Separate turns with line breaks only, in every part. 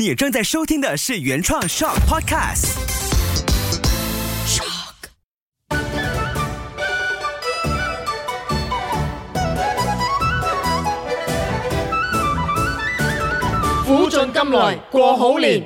你正在收聽的是原創 Shock Podcast。Shock
苦盡甘來過好年。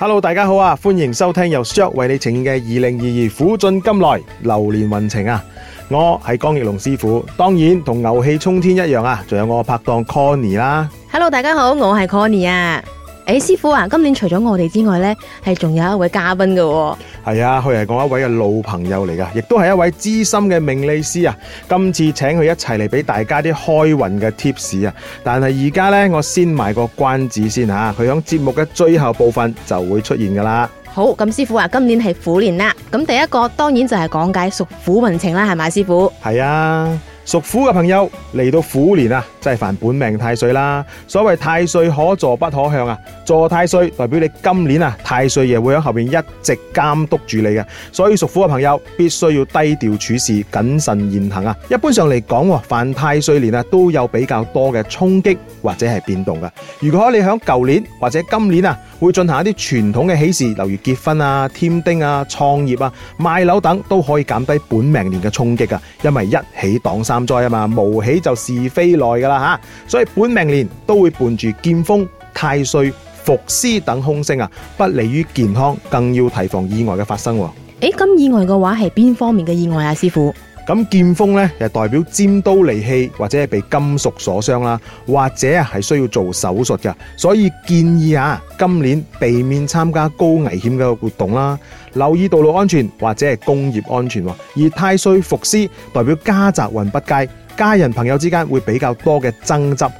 Hello，大家好啊，歡迎收聽由 Shock 為你呈現嘅二零二二苦盡甘來流年運程啊。我係江奕龍師傅，當然同牛氣衝天一樣啊。仲有我拍檔 Connie 啦。
Hello，大家好，我係 Connie 啊。誒、欸，師傅啊，今年除咗我哋之外呢係仲有一位嘉賓噶？哦。
係啊，佢係我一位嘅老朋友嚟噶，亦都係一位資深嘅命理師啊。今次請佢一齊嚟，俾大家啲開運嘅 tips 啊。但係而家呢，我先賣個關子先吓，啊，佢響節目嘅最後部分就會出現噶啦。
好，咁師傅啊，今年係虎年啦，咁第一個當然就係講解屬虎運程啦，係咪啊，師傅？
係啊。屬虎嘅朋友嚟到虎年啊，真係犯本命太歲啦！所謂太歲可坐不可向啊，坐太歲代表你今年啊，太歲爺會喺後面一直監督住你嘅。所以屬虎嘅朋友必須要低調處事，謹慎言行啊！一般上嚟講，犯太歲年啊，都有比較多嘅衝擊或者係變動嘅。如果你喺舊年或者今年啊，會進行一啲傳統嘅喜事，例如結婚啊、添丁啊、創業啊、買樓等，都可以減低本命年嘅衝擊啊。因為一喜擋三災啊嘛，無喜就是非來噶啦吓。所以本命年都會伴住劍鋒、太歲、伏屍等凶星啊，不利於健康，更要提防意外嘅發生、啊。誒、
欸，咁意外嘅話係邊方面嘅意外啊，師傅？咁劍鋒
咧，代表尖刀利器或者係被金屬所傷啦，或者啊係需要做手術噶，所以建議啊今年避免參加高危險嘅活動啦，留意道路安全或者係工業安全。而太歲伏屍代表家宅運不佳，家人朋友之間會比較多嘅爭執。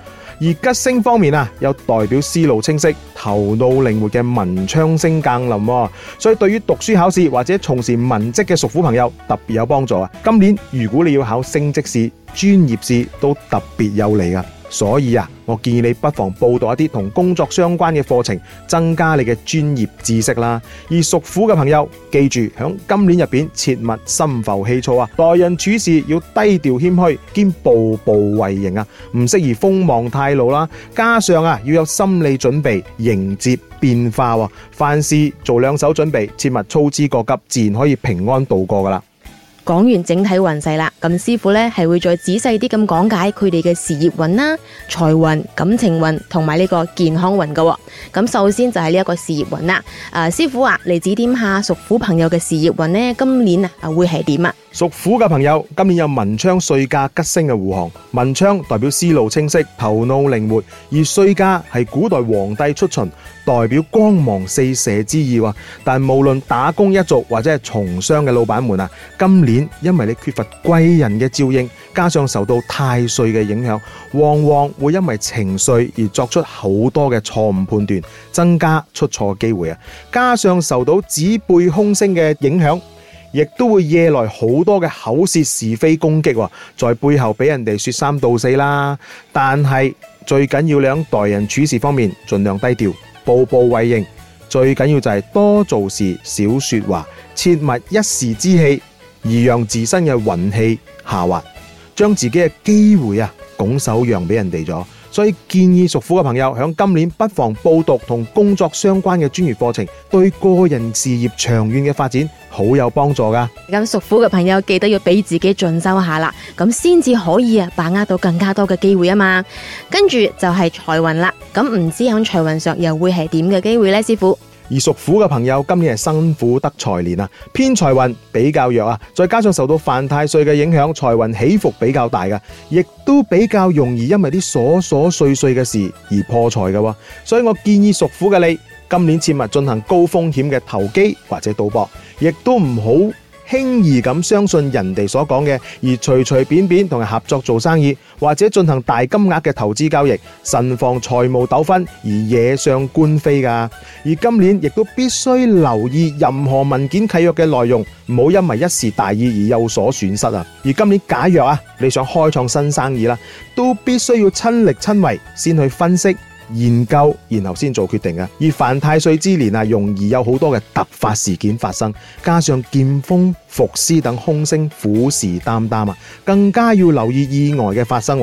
而吉星方面啊，有代表思路清晰、頭腦靈活嘅文昌星降臨，所以對於讀書考試或者從事文職嘅屬虎朋友特別有幫助啊！今年如果你要考升職試、專業試，都特別有利啊！所以啊，我建議你不妨報讀一啲同工作相關嘅課程，增加你嘅專業知識啦。而屬虎嘅朋友，記住響今年入面切勿心浮氣躁啊，待人處事要低調謙虛兼步步為營啊，唔適宜鋒芒太露啦。加上啊，要有心理準備迎接變化喎，凡事做兩手準備，切勿操之過急，自然可以平安度過㗎喇。
講完整體運勢啦，咁師傅咧係會再仔細啲咁講解佢哋嘅事業運啦、財運、感情運同埋呢個健康運噶。咁首先就係呢一個事業運啦。誒，師傅啊，嚟指點下屬虎朋友嘅事業運咧，今年啊啊會係點啊？屬虎嘅朋友，今年有文昌歲駕吉星嘅護航。
文昌代表思路清晰、頭腦靈活，而歲駕係古代皇帝出巡，代表光芒四射之意。但無論打工一族或者係從商嘅老闆們啊，今年因為你缺乏貴人嘅照應，加上受到太歲嘅影響，往往會因為情緒而作出好多嘅錯誤判斷，增加出錯嘅機會啊！加上受到指背空星嘅影響。亦都會惹來好多嘅口舌是非攻擊喎，在背後俾人哋說三道四啦。但係最緊要在待人處事方面盡量低調，步步為營。最緊要就係多做事，少說話，切勿一時之氣而讓自身嘅運氣下滑，將自己嘅機會啊拱手讓俾人哋咗。所以建議屬虎嘅朋友喺今年不妨報讀同工作相關嘅專業課程，對個人事業長遠嘅發展好有幫助㗎。咁
屬虎嘅朋友記得要俾自己進修一下啦，咁先至可以把握到更加多嘅機會啊嘛。跟住就係財運啦，咁唔知喺財運上又會係點嘅機會呢，師傅？而屬虎嘅朋友今年係辛苦得財年，偏財
運比較弱，再加上受到犯太歲嘅影響，財運起伏比較大嘅，亦都比較容易因為啲瑣瑣碎碎嘅事而破財嘅。所以我建議屬虎嘅你，今年切勿進行高風險嘅投機或者賭博，亦都唔好輕易咁相信人哋所講嘅，而隨隨便便同人合作做生意，或者進行大金額嘅投資交易，慎防財務糾紛而惹上官非㗎。而今年亦都必須留意任何文件契約嘅內容，唔好因為一時大意而有所損失啊！而今年假若啊，你想開創新生意啦，都必須要親力親為先去分析。研究，然後先做決定嘅。而犯太歲之年啊，容易有好多嘅突發事件發生，加上劍鋒、伏屍等凶星，虎視眈眈啊，更加要留意意外嘅發生。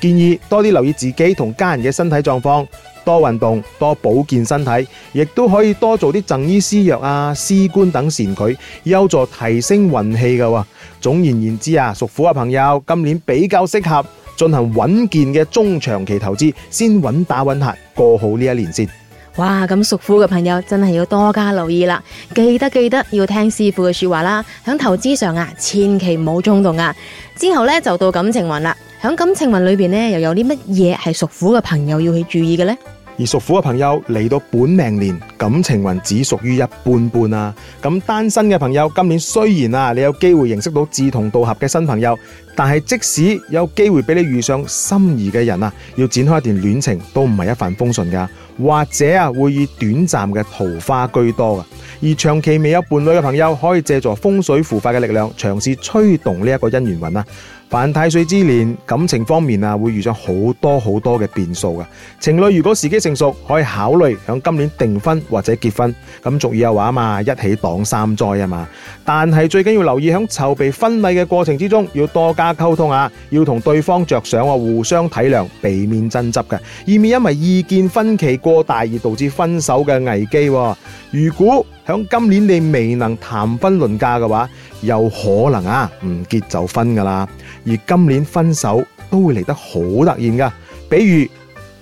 建議多啲留意自己同家人嘅身體狀況，多運動，多保健身體，亦都可以多做啲贈衣施藥啊、施棺等善舉，有助提升運氣嘅。總言言之啊，屬虎嘅朋友，今年比較適合。進行穩健嘅中長期投資，先穩打穩紮，過好呢一年先。
哇，咁屬虎嘅朋友真係要多加留意啦，記得記得要聽師傅嘅說話啦。響投資上啊，千祈唔好衝動啊。之後咧就到感情運啦，響感情運裏邊咧又有啲乜嘢係屬虎嘅朋友要去注意嘅呢？
而屬虎嘅朋友嚟到本命年，感情運只屬於一半半啊！咁單身嘅朋友，今年雖然啊，你有機會認識到志同道合嘅新朋友，但係即使有機會俾你遇上心儀嘅人啊，要展開一段戀情都唔係一帆風順噶，或者啊，會以短暫嘅桃花居多噶。而長期未有伴侶嘅朋友，可以借助風水符法嘅力量，嘗試催動呢一個姻緣運啊！犯太歲之年，感情方面啊會遇上好多好多嘅變數嘅。情侶如果時機成熟，可以考慮響今年訂婚或者結婚。咁俗語有話啊嘛，一喜擋三災啊嘛。但係最緊要留意響籌備婚禮嘅過程之中，要多加溝通啊，要同對方着想啊，互相體諒，避免爭執嘅，以免因為意見分歧過大而導致分手嘅危機。如果響今年你未能談婚論嫁嘅話，有可能啊唔結就分噶啦。而今年分手都會嚟得好突然噶，比如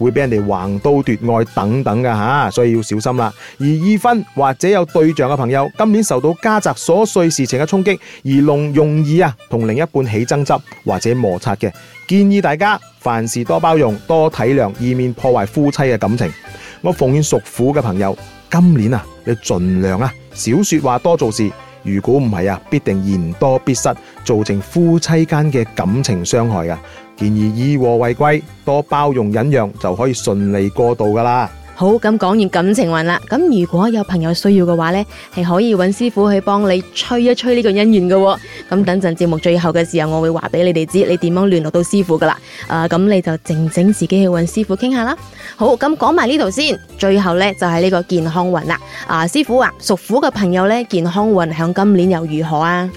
會俾人哋橫刀奪愛等等噶吓，所以要小心啦。而已婚或者有對象嘅朋友，今年受到家宅瑣碎事情嘅衝擊，而容容易啊同另一半起爭執或者摩擦嘅，建議大家凡事多包容多體諒，以免破壞夫妻嘅感情。我奉勸屬虎嘅朋友，今年啊要盡量啊少說話多做事。如果唔係，必定言多必失，造成夫妻間嘅感情傷害嘅。建議以和為貴，多包容忍讓，就可以順利過渡㗎喇。
好，咁講完感情運啦，咁如果有朋友需要嘅話咧，係可以揾師傅去幫你催一催呢個姻緣嘅、哦。咁等陣節目最後嘅時候，我會話俾你哋知你點樣聯絡到師傅噶啦。啊，咁你就靜靜自己去揾師傅傾下啦。好，咁講埋呢度先，最後咧就係、是、呢個健康運啦。啊，師傅啊，屬虎嘅朋友咧，健康運響今年又如何啊？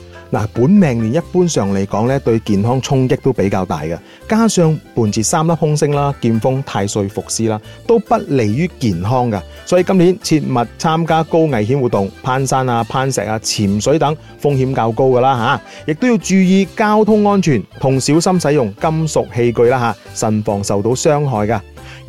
本命年一般上嚟講咧，對健康衝擊都比較大嘅，加上伴住三粒凶星啦，劍鋒、太歲、伏屍啦，都不利於健康嘅，所以今年切勿參加高危險活動，攀山啊、攀石啊、潛水等風險較高嘅啦吓，亦都要注意交通安全同小心使用金屬器具啦吓，啊，慎防受到傷害嘅。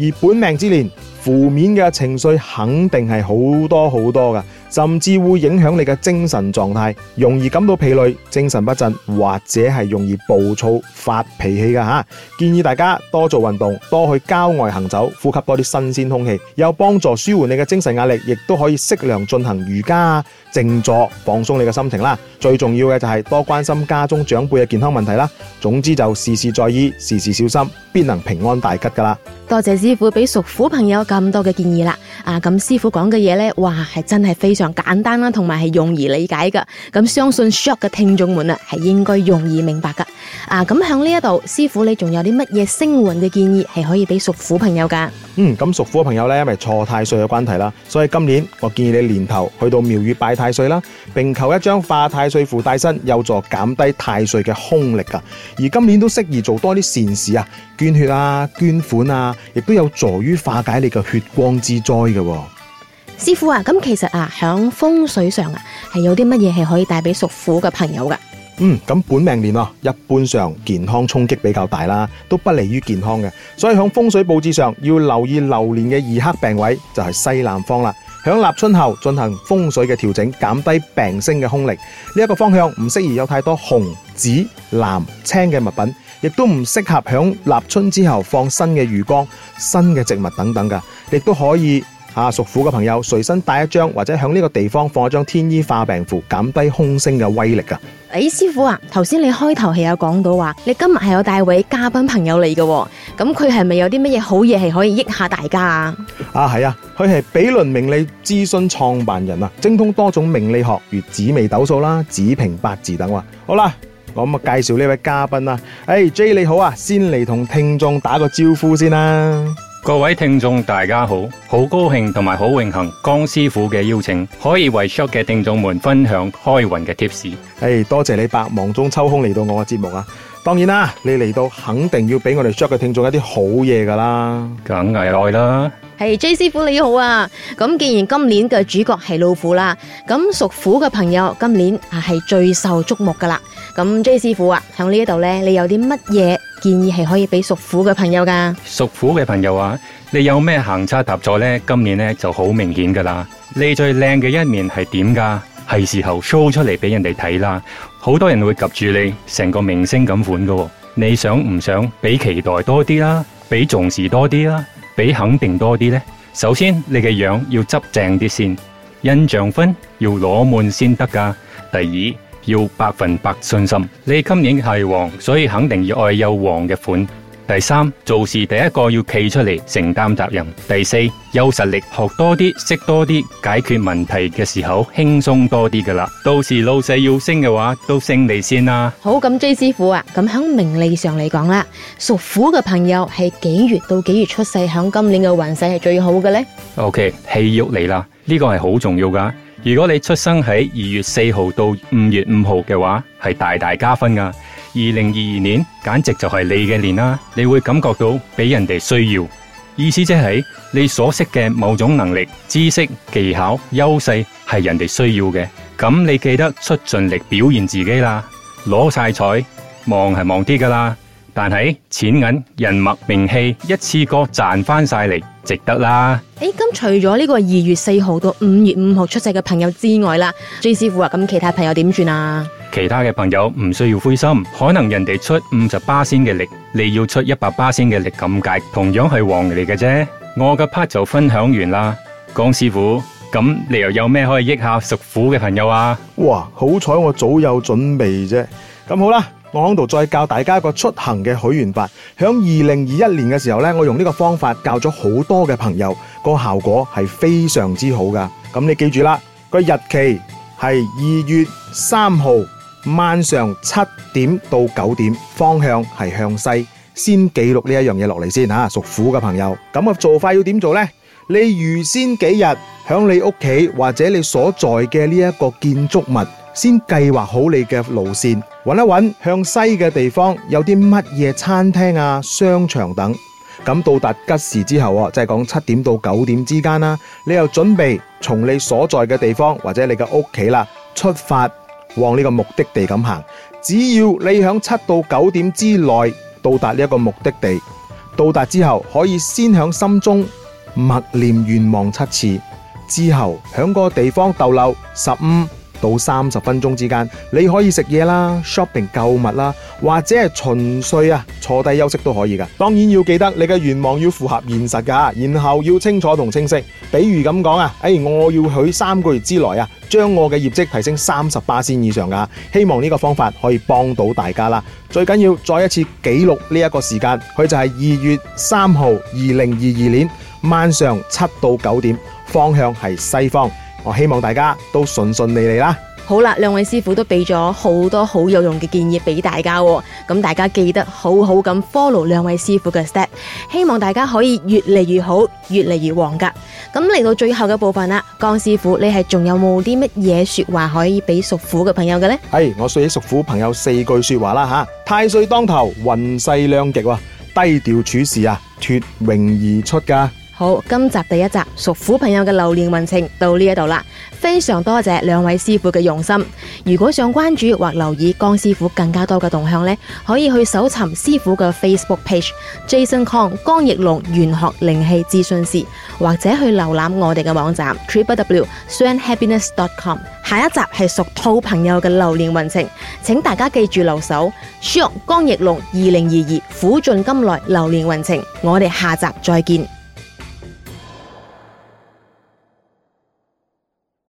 而本命之年。負面嘅情緒肯定係好多好多嘅，甚至會影響你嘅精神狀態，容易感到疲累，精神不振，或者係容易暴躁發脾氣噶吓。建議大家多做運動，多去郊外行走，呼吸多啲新鮮空氣，又幫助舒緩你嘅精神壓力，亦都可以適量進行瑜伽啊，靜坐放鬆你嘅心情啦。最重要嘅就係多關心家中長輩嘅健康問題啦。總之就事事在意，事事小心，必能平安大吉噶啦。
多謝師傅俾屬虎朋友，咁多嘅建議啦，啊咁師傅講嘅嘢咧，哇係真係非常簡單啦，啊，同埋係容易理解噶，咁相信 show 嘅聽眾們啊，係應該容易明白噶。啊，咁響呢一度，師傅你仲有啲乜嘢星運嘅建議係可以俾屬虎朋友噶？嗯，咁屬虎
朋友咧，因為錯太歲嘅關係啦，所以今年我建議你年頭去到廟宇拜太歲啦，並求一張化太歲符帶身，有助減低太歲嘅凶力噶。而今年都適宜做多啲善事啊，捐血啊，捐款啊，亦都有助於化解你嘅血光之災嘅。
師傅啊，咁其實啊，響風水上啊，係有啲乜嘢係可以帶俾屬虎嘅朋友噶？
嗯，咁本命年啊，一般上健康沖擊比較大啦，都不利於健康嘅，所以響風水布置上要留意流年嘅二黑病位就係西南方啦。響立春後進行風水嘅調整，減低病星嘅凶力。呢一個方向唔適宜有太多紅紫藍青嘅物品，亦都唔適合響立春之後放新嘅魚缸、新嘅植物等等噶，亦都可以。啊，屬虎嘅朋友隨身帶一張，隨身帶一張或者響呢個地方放一張天醫化病符，減低凶星嘅威力啊。
誒、欸，師傅啊，頭先你開頭係有講到話，你今日係有帶位嘉賓朋友嚟嘅、啊，咁佢係咪有啲乜嘢好嘢係可以益下大家
啊？啊，係啊，佢係比倫命理諮詢創辦人啊，精通多種命理學，如紫微斗數啦、子平八字等啊。好啦，我咁啊介紹呢位嘉賓啊。誒、hey,，J 你好啊，先嚟同聽眾打個招呼先啦、啊。各位聽眾大家好，好高興同
埋好榮幸江師傅嘅邀請，可以為 shock 嘅聽眾們分享開運嘅貼士。
誒，hey, 多謝你百忙中抽空嚟到我嘅節目啊！當然啦、啊，你嚟到肯定要俾我哋 shock 嘅聽眾一啲好嘢噶啦，梗係愛啦。
係、hey, J 師傅你好啊！咁既然今年嘅主角係老虎啦，咁屬虎嘅朋友今年啊係最受矚目噶啦。咁 J 師傅啊，響呢度咧，你有啲乜嘢？建議係可以俾屬虎嘅朋友噶，
屬虎嘅朋友啊，你有咩行差踏錯呢？今年呢就好明顯噶啦，你最靚嘅一面係點噶？係時候 show 出嚟俾人哋睇啦！好多人會及住你，成個明星咁款噶。你想唔想俾期待多啲啦？俾重視多啲啦？俾肯定多啲呢？首先，你嘅樣要執正啲先，印象分要攞滿先得噶。第二。要百分百信心，你今年係旺，所以肯定要愛有旺嘅款。第三，做事第一個要企出嚟承擔責任。第四，有實力，學多啲，識多啲，解決問題嘅時候輕鬆多啲噶啦。到時老細要升嘅話，都升你先啦。
好，咁 J 師傅啊，咁響名利上嚟講啦，屬虎嘅朋友係幾月到幾月出世，響今年嘅運勢係最好嘅呢
？OK，戲肉嚟啦，呢個係好重要噶。如果你出生喺二月四號到五月五號嘅話，係大大加分噶。二零二二年簡直就係你嘅年啦，你會感覺到俾人哋需要。意思即係你所識嘅某種能力、知識、技巧、優勢係人哋需要嘅，咁你記得出盡力表現自己啦，攞晒彩，忙係忙啲噶啦。但係錢銀、人脈、名氣一次過賺翻晒嚟，值得啦！
誒、欸、咁、嗯、除咗呢個二月四號到五月五號出世嘅朋友之外啦，朱師傅啊，咁其他朋友點算啊？
其他嘅朋友唔需要灰心，可能人哋出五十巴仙嘅力，你要出一百巴仙嘅力咁解，同樣係王嚟嘅啫。我嘅 part 就分享完啦，江師傅，咁你又有咩可以益下屬虎嘅朋友啊？
哇，好彩我早有準備啫，咁好啦。我喺度再教大家一個出行嘅許願法。響二零二一年嘅時候呢，我用呢個方法教咗好多嘅朋友，個效果係非常之好噶。咁你記住啦，個日期係二月三號晚上七點到九點，方向係向西，先記錄呢一樣嘢落嚟先吓，屬虎嘅朋友。咁個做法要點做呢？你預先幾日響你屋企或者你所在嘅呢一個建築物。先計劃好你嘅路線，揾一揾向西嘅地方有啲乜嘢餐廳啊、商場等。咁到達吉時之後，即係講七點到九點之間啦。你又準備從你所在嘅地方或者你嘅屋企啦出發往呢個目的地咁行。只要你響七到九點之內到達呢一個目的地，到達之後可以先響心中默念願望七次，之後響嗰個地方逗留十五。到三十分鐘之間，你可以食嘢啦、shopping 購物啦，或者係純粹啊坐低休息都可以噶。當然要記得你嘅願望要符合現實噶，然後要清楚同清晰。比如咁講啊，哎，我要許三個月之內啊，將我嘅業績提升三十八先以上噶。希望呢個方法可以幫到大家啦。最緊要再一次記錄呢一個時間，佢就係二月三號二零二二年晚上七到九點，方向係西方。我希望大家都順順利利啦。
好啦，兩位師傅都俾咗好多好有用嘅建議俾大家、哦，咁大家記得好好咁 follow 兩位師傅嘅 step 希望大家可以越嚟越好，越嚟越旺噶。咁嚟到最後嘅部分啦，江師傅你係仲有冇啲乜嘢說話可以俾屬虎嘅朋友嘅呢
？Hey, 我送起屬虎朋友四句說話啦吓，太歲當頭，運勢兩極，低調處事啊，脫穎而出㗎、啊。
好，今集第一集屬虎朋友嘅流年運程到呢一度啦。非常多謝兩位師傅嘅用心。如果想關注或留意江師傅更加多嘅動向呢，可以去搜尋師傅嘅 Facebook page Jason Kong 江奕龍玄學靈氣諮詢師，或者去瀏覽我哋嘅網站 www.sanhappiness.com。下一集係屬兔朋友嘅流年運程，請大家記住留守。s h 輸入江奕龍二零二二虎進金來流年運程，我哋下集再見。